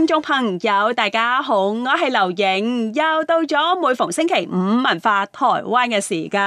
聽眾朋友，大家好，我係劉影，又到咗每逢星期五文化台灣嘅時間。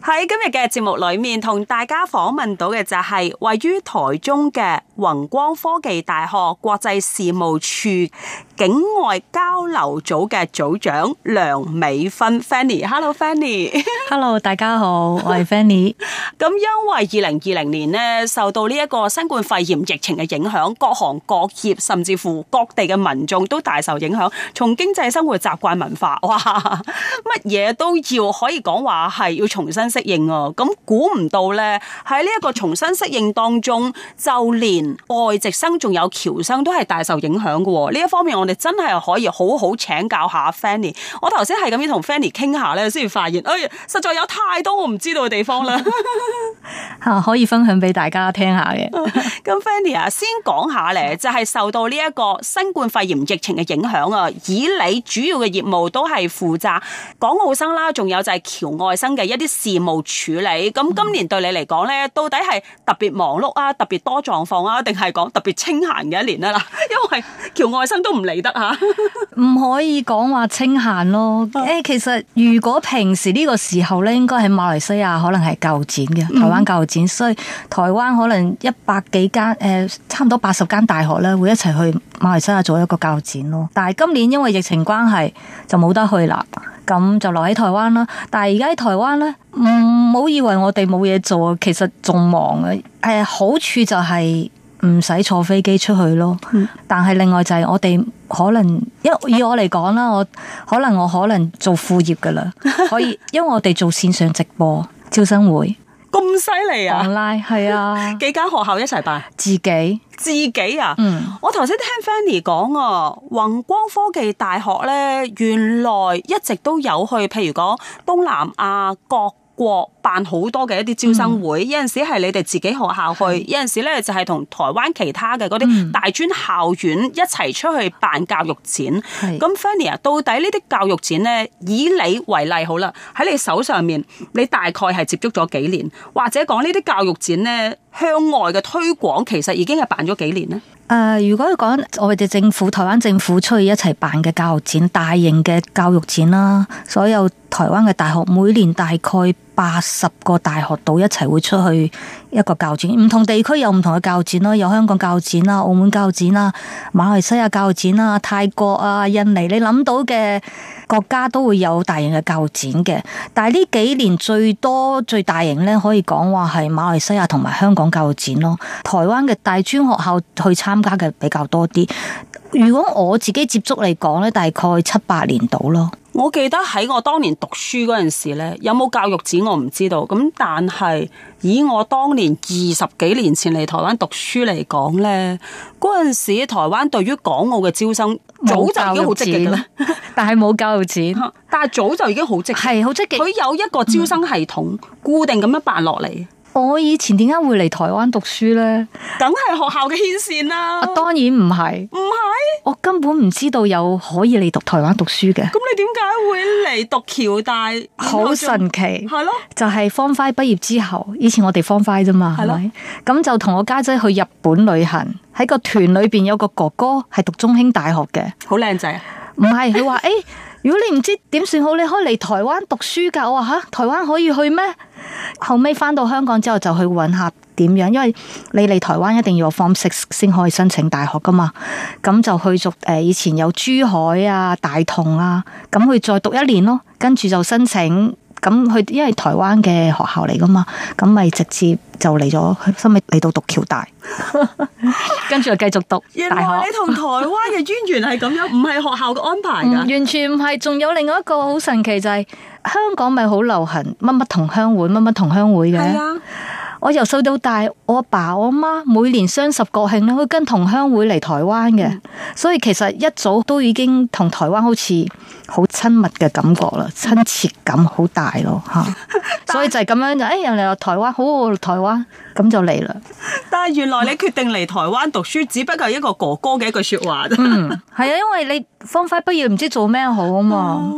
喺今日嘅節目裏面，同大家訪問到嘅就係位於台中嘅宏光科技大學國際事務處。境外交流組嘅組長梁美芬 Fanny，Hello Fanny，Hello 大家好，我係 Fanny。咁 因為二零二零年咧，受到呢一個新冠肺炎疫情嘅影響，各行各業甚至乎各地嘅民眾都大受影響，從經濟、生活習慣、文化，哇，乜嘢都要可以講話係要重新適應啊！咁估唔到咧，喺呢一個重新適應當中，就連外籍生仲有僑生都係大受影響嘅。呢一方面我我哋真係可以好好請教下 Fanny。我頭先係咁樣同 Fanny 傾下咧，先發現，哎，呀實在有太多我唔知道嘅地方啦。吓、 啊，可以分享俾大家聽下嘅。咁 Fanny 啊，先講下咧，就係、是、受到呢一個新冠肺炎疫情嘅影響啊。以你主要嘅業務都係負責港澳生啦，仲有就係僑外生嘅一啲事務處理。咁今年對你嚟講咧，到底係特別忙碌啊，特別多狀況啊，定係講特別清閒嘅一年啊？嗱，因為僑外生都唔理。唔可以講話清閒咯。誒，其實如果平時呢個時候咧，應該喺馬來西亞可能係教育展嘅，台灣教育展，嗯、所以台灣可能一百幾間誒，差唔多八十間大學咧，會一齊去馬來西亞做一個教育展咯。但係今年因為疫情關係，就冇得去啦，咁就留喺台灣啦。但係而家喺台灣呢，唔、嗯、好以為我哋冇嘢做，其實仲忙嘅。誒、嗯，好處就係、是。唔使坐飛機出去咯，但係另外就係我哋可能，因以我嚟講啦，我可能我可能做副業噶啦，可以，因為我哋做線上直播招生會。咁犀利啊！拉係啊，幾間學校一齊辦，自己自己啊，嗯、我頭先聽 Fanny 講啊，宏光科技大學咧，原來一直都有去，譬如講東南亞國國辦好多嘅一啲招生會，嗯，有陣時係你哋自己學校去，是有陣時咧就係同台灣其他嘅嗰啲大專校院一齊出去辦教育展。咁 Fanny 啊，anny, 到底呢啲教育展咧，以你為例好啦，喺你手上面，你大概係接觸咗幾年，或者講呢啲教育展咧向外嘅推廣，其實已經係辦咗幾年咧？啊！如果講我哋政府、台灣政府出去一齊辦嘅教育展，大型嘅教育展啦，所有台灣嘅大學每年大概八十個大學度一齊會出去一個教展，唔同地區有唔同嘅教展咯，有香港教展啦、澳門教展啦、馬來西亞教展啦、泰國啊、印尼，你諗到嘅國家都會有大型嘅教展嘅。但係呢幾年最多最大型咧，可以講話係馬來西亞同埋香港教展咯。台灣嘅大專學校去參加嘅比較多啲。如果我自己接觸嚟講咧，大概七八年到咯。我記得喺我當年讀書嗰陣時咧，有冇教育展我唔知道。咁但係以我當年二十幾年前嚟台灣讀書嚟講咧，嗰陣時台灣對於港澳嘅招生早就已經好積極啦。但係冇教育展，但係早就已經好積極，係好積極。佢有一個招生系統，固定咁樣辦落嚟。嗯我以前點解會嚟台灣讀書呢？梗係學校嘅牽線啦！啊，當然唔係，唔係是，我根本唔知道有可以嚟讀台灣讀書嘅。咁你點解會嚟讀僑大？好神奇，係咯的？就係 form 5畢業之後，以前我哋 form 5啫嘛，係咪的？咁的就同我家姐，姐去日本旅行，喺個團裏邊有個哥哥係讀中興大學嘅，好靚仔。唔係，佢話誒。哎 如果你唔知點算好，你可以嚟台灣讀書㗎。我話嚇，台灣可以去咩？後尾返到香港之後就去揾下點樣，因為你嚟台灣一定要 Form Six 先可以申請大學㗎嘛。咁就去讀誒，以前有珠海啊、大同啊，咁去再讀一年咯。跟住就申請，咁去因為台灣嘅學校嚟㗎嘛，咁咪直接。就嚟咗，收尾嚟到讀僑大，跟住就繼續讀。原來你同台灣嘅淵源係咁樣，唔係 學校嘅安排噶，完全唔係。仲有另外一個好神奇就係、是。香港咪好流行乜乜同鄉會乜乜同鄉會嘅，啊、我由細到大，我阿爸，爸我阿媽每年雙十國慶咧，會跟同鄉會嚟台灣嘅，嗯、所以其實一早都已經同台灣好似好親密嘅感覺啦，親切感好大咯吓， 嗯、所以就係咁樣、哎、樣就誒，有嚟台灣，好台灣，咁就嚟啦。但係原來你決定嚟台灣讀書，只不過係一個哥哥嘅一句說話啫，係、 嗯、啊，因為你方塊不要唔知做咩好啊嘛。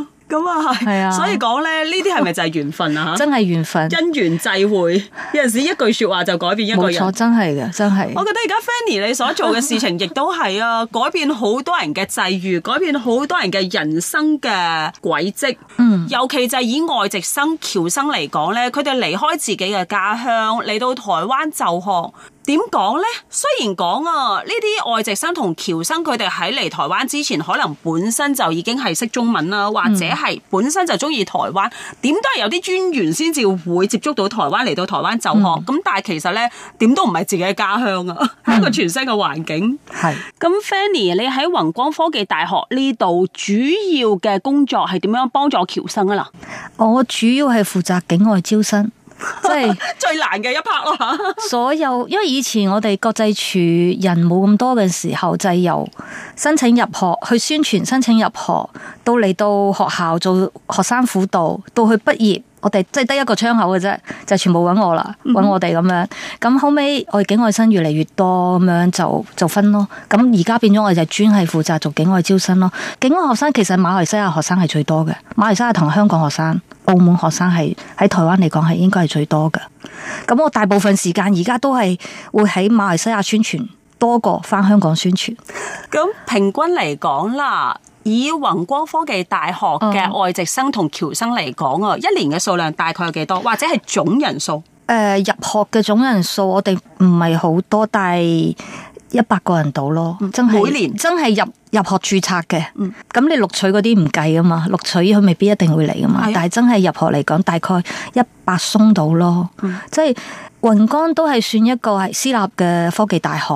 啊咁啊係，所以講咧呢啲係咪就係緣分啊？真係緣分，因緣際會，有陣時一句說話就改變一個人。冇錯，真係嘅，真係。真我覺得而家 Fanny 你所做嘅事情亦都係啊，改變好多人嘅際遇，改變好多人嘅人生嘅軌跡。嗯，尤其就以外籍生僑生嚟講咧，佢哋離開自己嘅家鄉嚟到台灣就學。點講呢？雖然講啊，呢啲外籍生同僑生佢哋喺嚟台灣之前，可能本身就已經係識中文啦，或者係本身就中意台灣。點、嗯、都係有啲專員先至會接觸到台灣嚟到台灣就學。咁、嗯、但係其實呢，點都唔係自己嘅家鄉啊，嗯、一個全新嘅環境。係是。咁 Fanny，你喺宏光科技大學呢度主要嘅工作係點樣幫助僑生啊？啦，我主要係負責境外招生。即係最難嘅一 part 咯，所有因為以前我哋國際處人冇咁多嘅時候，就係，由申請入學去宣傳，申請入學到嚟,到學校做學生輔導，到去畢業，我哋即係得一個窗口嘅啫，就，全部揾我啦，揾我哋咁樣。咁、嗯、後尾我哋境外生越嚟越多咁樣就，就就分咯。咁而家變咗我哋就專係負責做境外招生咯。境外學生其實馬來西亞學生係最多嘅，馬來西亞同香港學生。澳門學生係喺台灣嚟講係應該係最多嘅，咁我大部分時間而家都係會喺馬來西亞宣傳多過翻香港宣傳。咁 平均嚟講啦，以宏光科技大學嘅外籍生同僑生嚟講啊，嗯、一年嘅數量大概有幾多，或者係總人數？誒、呃，入學嘅總人數我哋唔係好多，但係。一百個人到咯，真係每年真係入入學註冊嘅，咁、嗯、你錄取嗰啲唔計啊嘛，錄取佢未必一定會嚟啊嘛，是啊但係真係入學嚟講，大概一百鬆到咯，即係雲岡都係算一個係私立嘅科技大學，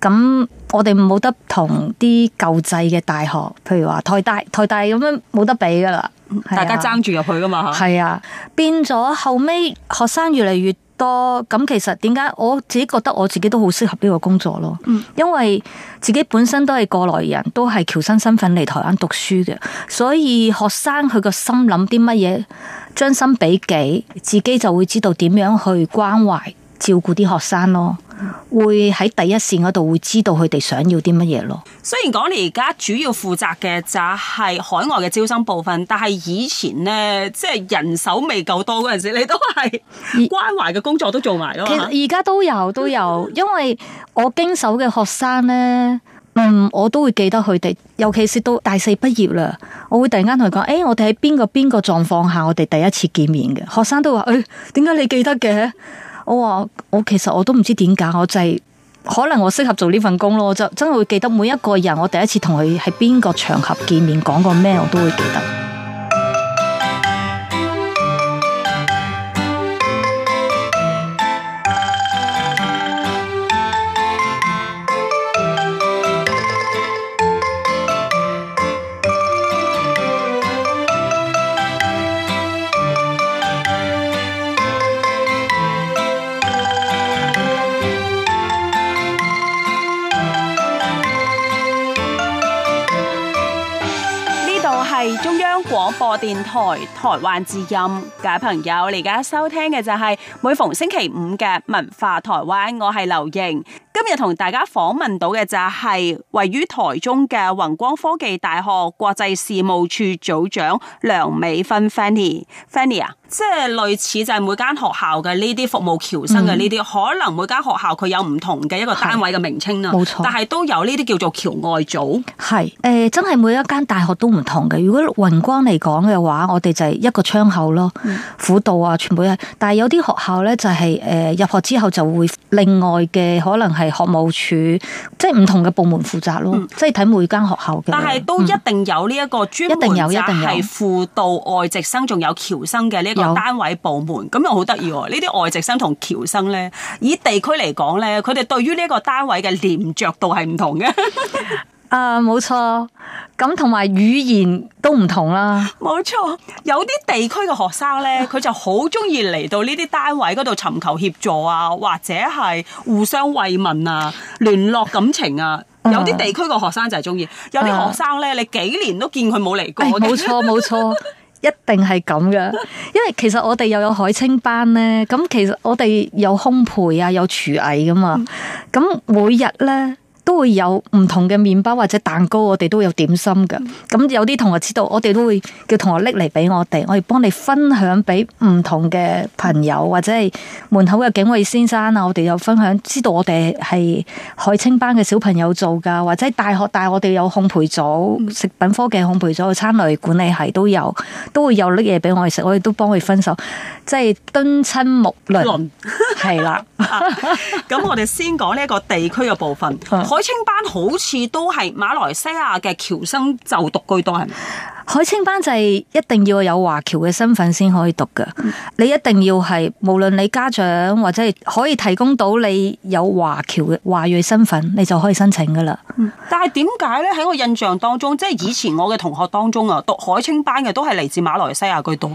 咁我哋冇得同啲舊制嘅大學，譬如話台大台大咁樣冇得比噶啦，大家爭住入去噶嘛，係啊，啊變咗後尾學生越嚟越。多咁，其實點解我自己覺得我自己都好適合呢個工作咯？嗯、因為自己本身都係過來人，都係僑生身份嚟台灣讀書嘅，所以學生佢個心諗啲乜嘢，將心比己，自己就會知道點樣去關懷照顧啲學生咯。會喺第一線嗰度會知道佢哋想要啲乜嘢咯。雖然講你而家主要負責嘅就係海外嘅招生部分，但係以前呢，即係人手未夠多嗰陣時，你都係關懷嘅工作都做埋咯。其實而家都有都有，因為我經手嘅學生呢，嗯，我都會記得佢哋。尤其是到大四畢業啦，我會突然間同佢講：誒、欸，我哋喺邊個邊個狀況下，我哋第一次見面嘅學生都話：誒、欸，點解你記得嘅？我我其實我都唔知點解，我就係、是、可能我適合做呢份工咯，就真係會記得每一個人，我第一次同佢喺邊個場合見面，講過咩，我都會記得。台台灣之音，各位朋友，你而家收聽嘅就係每逢星期五嘅文化台灣，我係劉瑩。今日同大家訪問到嘅就係位於台中嘅宏光科技大學國際事務處組組長梁美芬 Fanny，Fanny 啊。即係類似就係每間學校嘅呢啲服務僑生嘅呢啲，可能每間學校佢有唔同嘅一個單位嘅名稱啊。冇錯，但係都有呢啲叫做僑外組。係誒，真係每一間大學都唔同嘅。如果雲光嚟講嘅話，我哋就係一個窗口咯，輔導啊，全部都係。但係有啲學校咧就係誒入學之後就會另外嘅，可能係學務處，即係唔同嘅部門負責咯，即係睇每間學校嘅。但係都一定有呢一個專門，一定有，一定有，就係輔導外籍生仲有僑生嘅呢個。單位部門，咁又好得意喎！呢啲外籍生同僑生呢，以地區嚟講呢，佢哋對於呢一個單位嘅黏着度係唔同嘅。 啊，冇錯。咁同埋語言都唔同啦，啊。冇錯。有啲地區嘅學生呢，佢就好中意嚟到呢啲單位嗰度尋求協助啊，或者係互相慰問啊，聯絡感情啊。有啲地區嘅學生就係中意。啊、有啲學生呢，你幾年都見佢冇嚟過。冇錯，哎，冇錯。 一定係咁嘅，因為其實我哋又有海青班咧，咁其實我哋有烘焙啊，有廚藝㗎嘛，咁每日咧。都會有唔同嘅麵包或者蛋糕，我哋都有點心嘅。咁有啲同學知道，我哋都會叫同學拎嚟俾我哋，我哋幫你分享俾唔同嘅朋友或者係門口嘅警衛先生啊。我哋有分享，知道我哋係海青班嘅小朋友做噶，或者大學帶我哋有烘焙組、食品科技烘焙組，嘅餐旅管理系都有，都會有拎嘢俾我哋食，我哋都幫佢分享，即係敦親睦鄰係啦。咁我哋先講呢一個地區嘅部分， 海青班好似都係馬來西亞嘅僑生就讀居多，係咪？海青班就係一定要有華僑嘅身份先可以讀噶。嗯，你一定要係無論你家長或者係可以提供到你有華僑嘅華裔身份，你就可以申請噶啦。嗯，但係點解呢？喺我印象當中，即係以前我嘅同學當中啊，讀海青班嘅都係嚟自馬來西亞居多。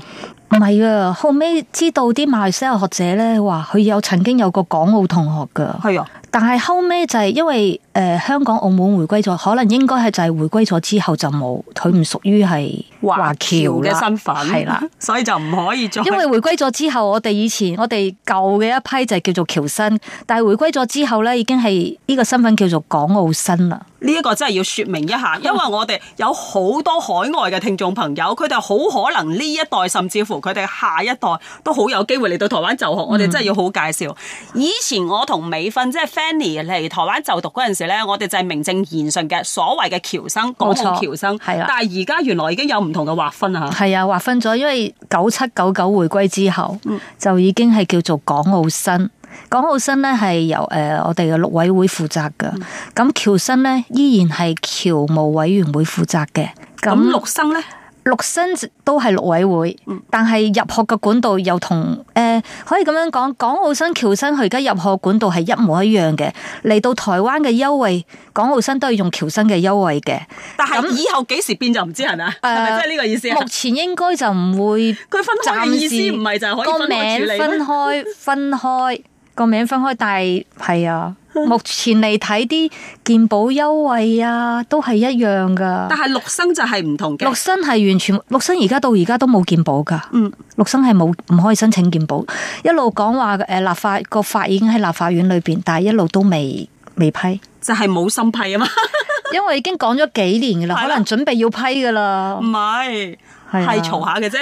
唔係啊，後尾知道啲馬來西亞學者咧，話佢有曾經有個港澳同學噶，係啊的，但係後尾就係因為誒、呃、香港澳門回歸咗，可能應該係就係回歸咗之後就冇，佢唔屬於係。華僑嘅身份係啦， 的所以就唔可以再因為回歸咗之後，我哋以前我哋舊嘅一批就叫做僑生，但係回歸咗之後咧，已經係呢個身份叫做港澳生啦。呢一個真係要說明一下，因為我哋有好多海外嘅聽眾朋友，佢哋好可能呢一代，甚至乎佢哋下一代都好有機會嚟到台灣就學，我哋真係要好介紹。嗯、以前我同美芬即係、就是、Fanny 嚟台灣就讀嗰陣時咧，我哋就係名正言順嘅所謂嘅僑生、港澳僑生，係啦。但係而家原來已經有唔同佢劃分啊，係啊，劃分咗，因為九七九九回歸之後，嗯、就已經係叫做港澳新，港澳新咧係由誒、呃、我哋嘅陸委會負責噶，咁僑、嗯、新咧依然係僑務委員會負責嘅，咁陸生咧。麼陸生都係陸委會，但係入學嘅管道又同誒、呃，可以咁樣講，港澳生、僑生佢而家入學管道係一模一樣嘅，嚟到台灣嘅優惠，港澳生都要用僑生嘅優惠嘅。但係以後幾時變就唔知係咪啊？係咪即係呢個意思？呃、目前應該就唔會，佢分開嘅意思唔係就係可以分開處理咩？ 個名分開，但係係啊， 目前嚟睇啲健保優惠啊，都係一樣噶。但係陸生就係唔同嘅，陸生係完全陸生而家到而家都冇健保噶。嗯，陸生係冇唔可以申請健保，一路講話誒立法個法已經喺立法院裏邊，但係一路都未未批，就係冇審批啊嘛。 因為已經講咗幾年噶啦，了可能準備要批噶啦，唔係係嘈下嘅啫。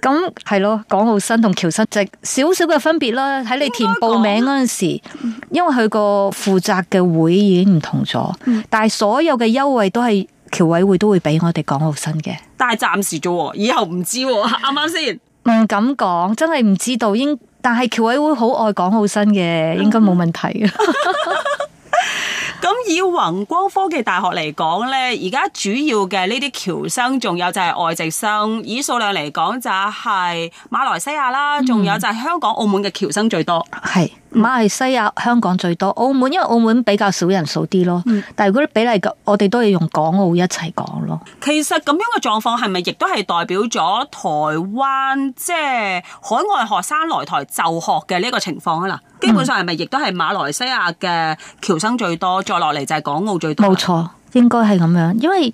咁係咯，港澳生同僑生即係少少嘅分別啦。喺你填報名嗰陣時，因為佢個負責嘅會已經唔同咗，嗯、但係所有嘅優惠都係僑委會都會俾我哋港澳生嘅。但係暫時啫。以後唔知啱唔啱先。唔、嗯、唔敢講，真係唔知道。應。但係僑委會好愛港澳生嘅，應該冇問題。 咁以宏光科技大學嚟講咧，而家主要嘅呢啲僑生，仲有就係外籍生。以數量嚟講就係馬來西亞啦，仲、嗯、有就係香港、澳門嘅僑生最多。係。嗯、馬來西亞香港最多，澳門因為澳門比較少人數啲咯，嗯、但係如果比例，我哋都要用港澳一齊講咯。其實咁樣嘅狀況係咪亦都係代表咗台灣即係海外學生來台就學嘅呢個情況啊？嗱，基本上係咪亦都係馬來西亞嘅僑生最多，再落嚟就係港澳最多？冇錯、嗯，應該係咁樣，因為。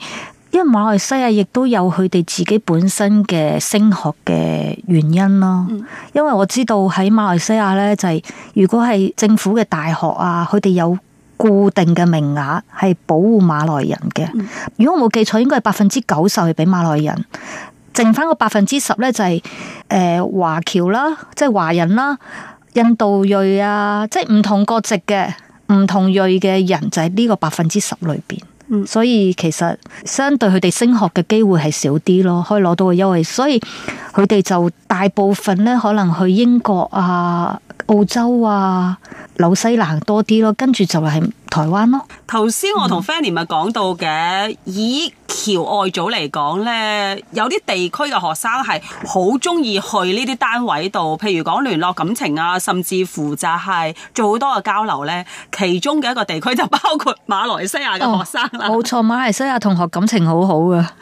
因為馬來西亞亦都有佢哋自己本身嘅升學嘅原因咯。因為我知道喺馬來西亞咧，就係如果係政府嘅大學啊，佢哋有固定嘅名額係保護馬來人嘅。嗯、如果我冇記錯，應該係百分之九十係俾馬來人，剩翻個百分之十咧就係、是、誒、呃、華僑啦，即係華人啦，印度裔啊，即係唔同國籍嘅、唔同裔嘅人就喺呢個百分之十裏邊。所以其實相對佢哋升學嘅機會係少啲咯，可以攞到個優惠，所以佢哋就大部分咧可能去英國啊、澳洲啊、紐西蘭多啲咯，跟住就係台灣咯。頭先我同 Fanny 咪講到嘅，咦僑外組嚟講呢，有啲地區嘅學生係好中意去呢啲單位度，譬如講聯絡感情啊，甚至負責係做好多嘅交流呢，其中嘅一個地區就包括馬來西亞嘅學生啦。冇錯，哦，馬來西亞同學感情好好啊！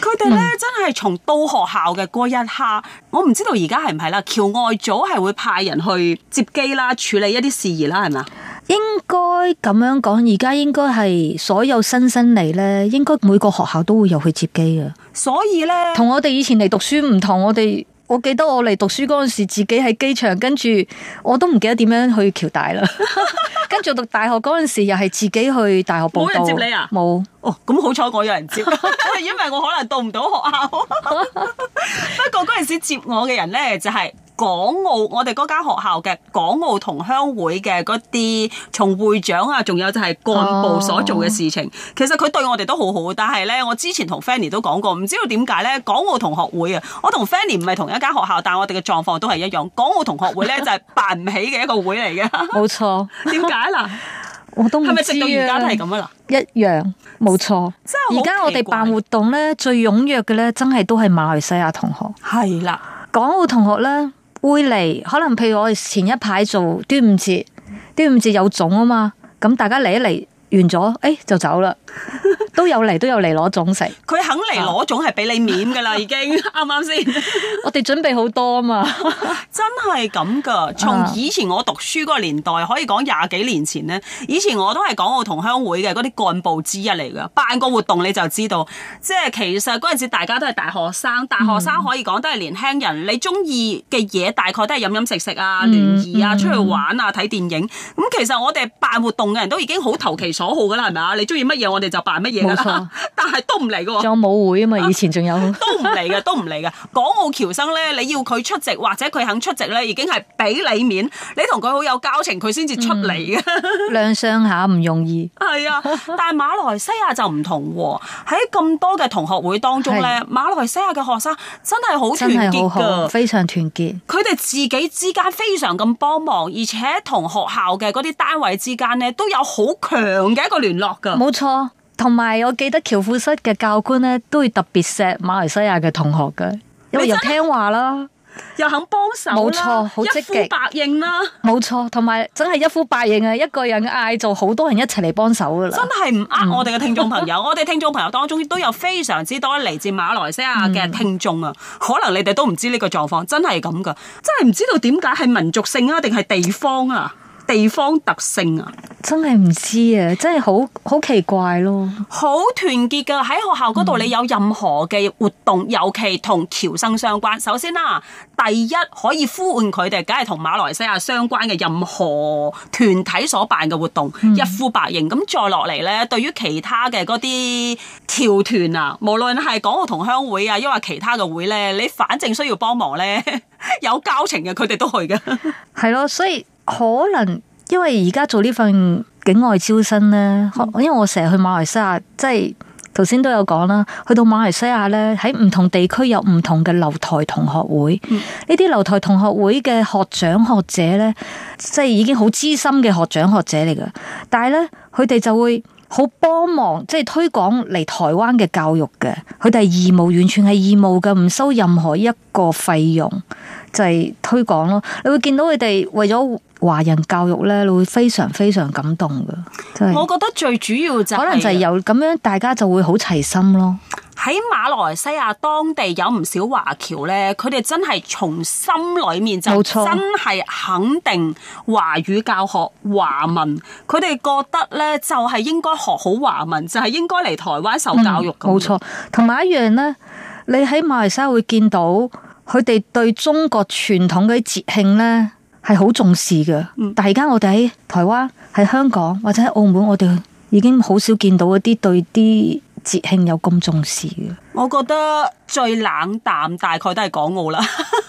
佢哋 呢，嗯，真係從到學校嘅嗰一刻，我唔知道而家係唔係啦。僑外組係會派人去接機啦，處理一啲事宜啦，係咪？應該咁樣講，而家應該係所有新生嚟，呢，應該每個學校都會有去接機嘅。所以呢，我以同我哋以前嚟讀書唔同。我哋我記得我嚟讀書嗰陣時，自己喺機場，跟住我都唔記得點樣去僑大啦。 跟住讀大學嗰陣時，又係自己去大學部。冇 人接你啊？冇有哦。咁好彩我有人接， 因為我可能到唔到學校。不過嗰陣時接我嘅人呢，就係、是。港澳我哋嗰間學校嘅港澳同鄉會嘅嗰啲從會長啊，仲有就係幹部所做嘅事情，oh. 其實佢對我哋都好好。但係咧，我之前同 Fanny 都講過，唔知道點解咧，港澳同學會啊，我同 Fanny 唔係同一間學校，但係我哋嘅狀況都係一樣。港澳同學會咧就係、是、辦唔起嘅一個會嚟嘅。冇錯 錯，點解啦？ 我都係咪直到而家都係咁樣？啦，一樣冇錯。即係而家我哋辦活動咧，最踴躍嘅咧，真係都係馬來西亞同學。係啦的，港澳同學咧。會嚟，可能譬如我哋前一排做端午節，端午節有粽啊嘛，咁大家嚟一嚟。完咗，誒、哎，就走啦。都有嚟， 都有嚟攞粽食。佢肯嚟攞粽係俾你面噶啦， 已經啱啱先？ 我哋準備好多啊嘛， 真係咁噶。從以前我讀書嗰個年代，可以講廿幾年前咧，以前我都係港澳同鄉會嘅嗰啲幹部之一嚟噶。辦個活動你就知道，即係其實嗰陣時大家都係大學生，大學生可以講都係年輕人。嗯、你中意嘅嘢大概都係飲飲食食啊、聯誼啊、出去玩啊、睇電影。咁、嗯嗯嗯、其實我哋辦活動嘅人都已經好投其所講好噶啦，係咪啊？你中意乜嘢，我哋就辦乜嘢噶啦。但係都唔嚟噶，仲有舞會啊嘛，以前仲有。 都唔嚟嘅，都唔嚟嘅。港澳僑生咧，你要佢出席或者佢肯出席咧，已經係俾你面。你同佢好有交情，佢先至出嚟嘅。兩、嗯、相下唔容易。係啊，但係馬來西亞就唔同喎、啊。喺咁多嘅同學會當中咧，是馬來西亞嘅學生真係好團結噶，非常團結。佢哋自己之間非常咁幫忙，而且同學校嘅嗰啲單位之間咧都有好強。唔係一個聯絡噶，冇錯。同埋我記得僑外組嘅教官咧，都會特別錫馬來西亞嘅同學噶，因為又聽話啦，又肯幫手啦，冇錯，積極一呼百應啦，冇錯。同埋真係一呼百應啊！一個人嗌，就好多人一齊嚟幫手噶啦，真係唔呃我哋嘅聽眾朋友。嗯、我哋聽眾朋友當中都有非常之多嚟自馬來西亞嘅聽眾啊，嗯、可能你哋都唔知呢個狀況，真係咁噶，真係唔知道點解係民族性啊，定係地方啊？地方特性啊，真係唔知啊，真係好好奇怪咯。好團結噶，喺學校嗰度你有任何嘅活動，嗯、尤其同僑生相關。首先啦、啊，第一可以呼喚佢哋，梗係同馬來西亞相關嘅任何團體所辦嘅活動、嗯、一呼百應。咁再落嚟咧，對於其他嘅嗰啲僑團啊，無論係港澳同鄉會啊，亦或其他嘅會咧，你反正需要幫忙咧， 有交情嘅佢哋都去噶。係咯，所以。可能因為而家做呢份境外招生咧，嗯、因為我成日去馬來西亞，即係頭先都有講啦。去到馬來西亞咧，喺唔同地區有唔同嘅留台同學會，呢啲留台同學會嘅學長學者咧，即係已經好資深嘅學長學者嚟噶。但係咧，佢哋就會好幫忙，即係推廣嚟台灣嘅教育嘅。佢哋義務，完全係義務嘅，唔收任何一個費用。就係推廣咯，你會見到佢哋為咗華人教育咧，你會非常非常感動噶。真係我覺得最主要就是，可能就係有咁樣，大家就會好齊心咯。喺馬來西亞當地有唔少華僑咧，佢哋真係從心裏面冇錯就真係肯定華語教學華文，佢哋覺得咧就係應該學好華文，就係、是、應該嚟台灣受教育。冇錯，嗯，同埋一樣咧，你喺馬來西亞會見到。佢哋對中國傳統嗰啲節慶呢，係好重視嘅，嗯、但而家我哋喺台灣、喺香港或者喺澳門，我哋已經好少見到一啲對啲節慶有咁重視嘅。我覺得最冷淡大概都係港澳啦。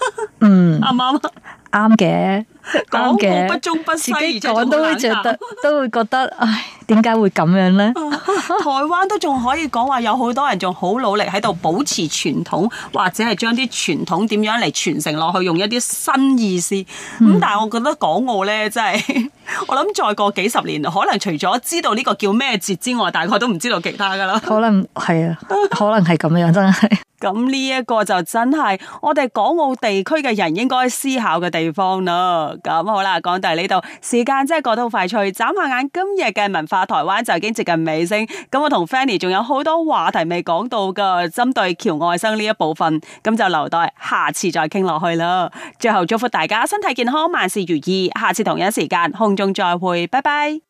嗯，啱唔啱、 啊？啱嘅，港澳不中不西，自己講都會覺得，都會覺得，唉，點解會咁樣咧？啊？台灣都仲可以講話，有好多人仲好努力喺度保持傳統，或者係將啲傳統點樣嚟傳承落去，用一啲新意思。咁、嗯、但係我覺得港澳咧，真係，我諗再過幾十年，可能除咗知道呢個叫咩節之外，大概都唔知道其他噶啦。可能係啊，可能係咁樣，真係。咁呢一個就真係，我哋港澳地區嘅人應該思考嘅地地方啦，咁好啦，講到嚟呢度，時間真係過得好快脆，眨下眼今日嘅文化台灣就已經接近尾聲。咁我同 Fanny 仲有好多話題未講到噶，針對僑外生呢一部分，咁就留待下次再傾落去啦。最後祝福大家身體健康，萬事如意。下次同一時間空中再會，拜拜。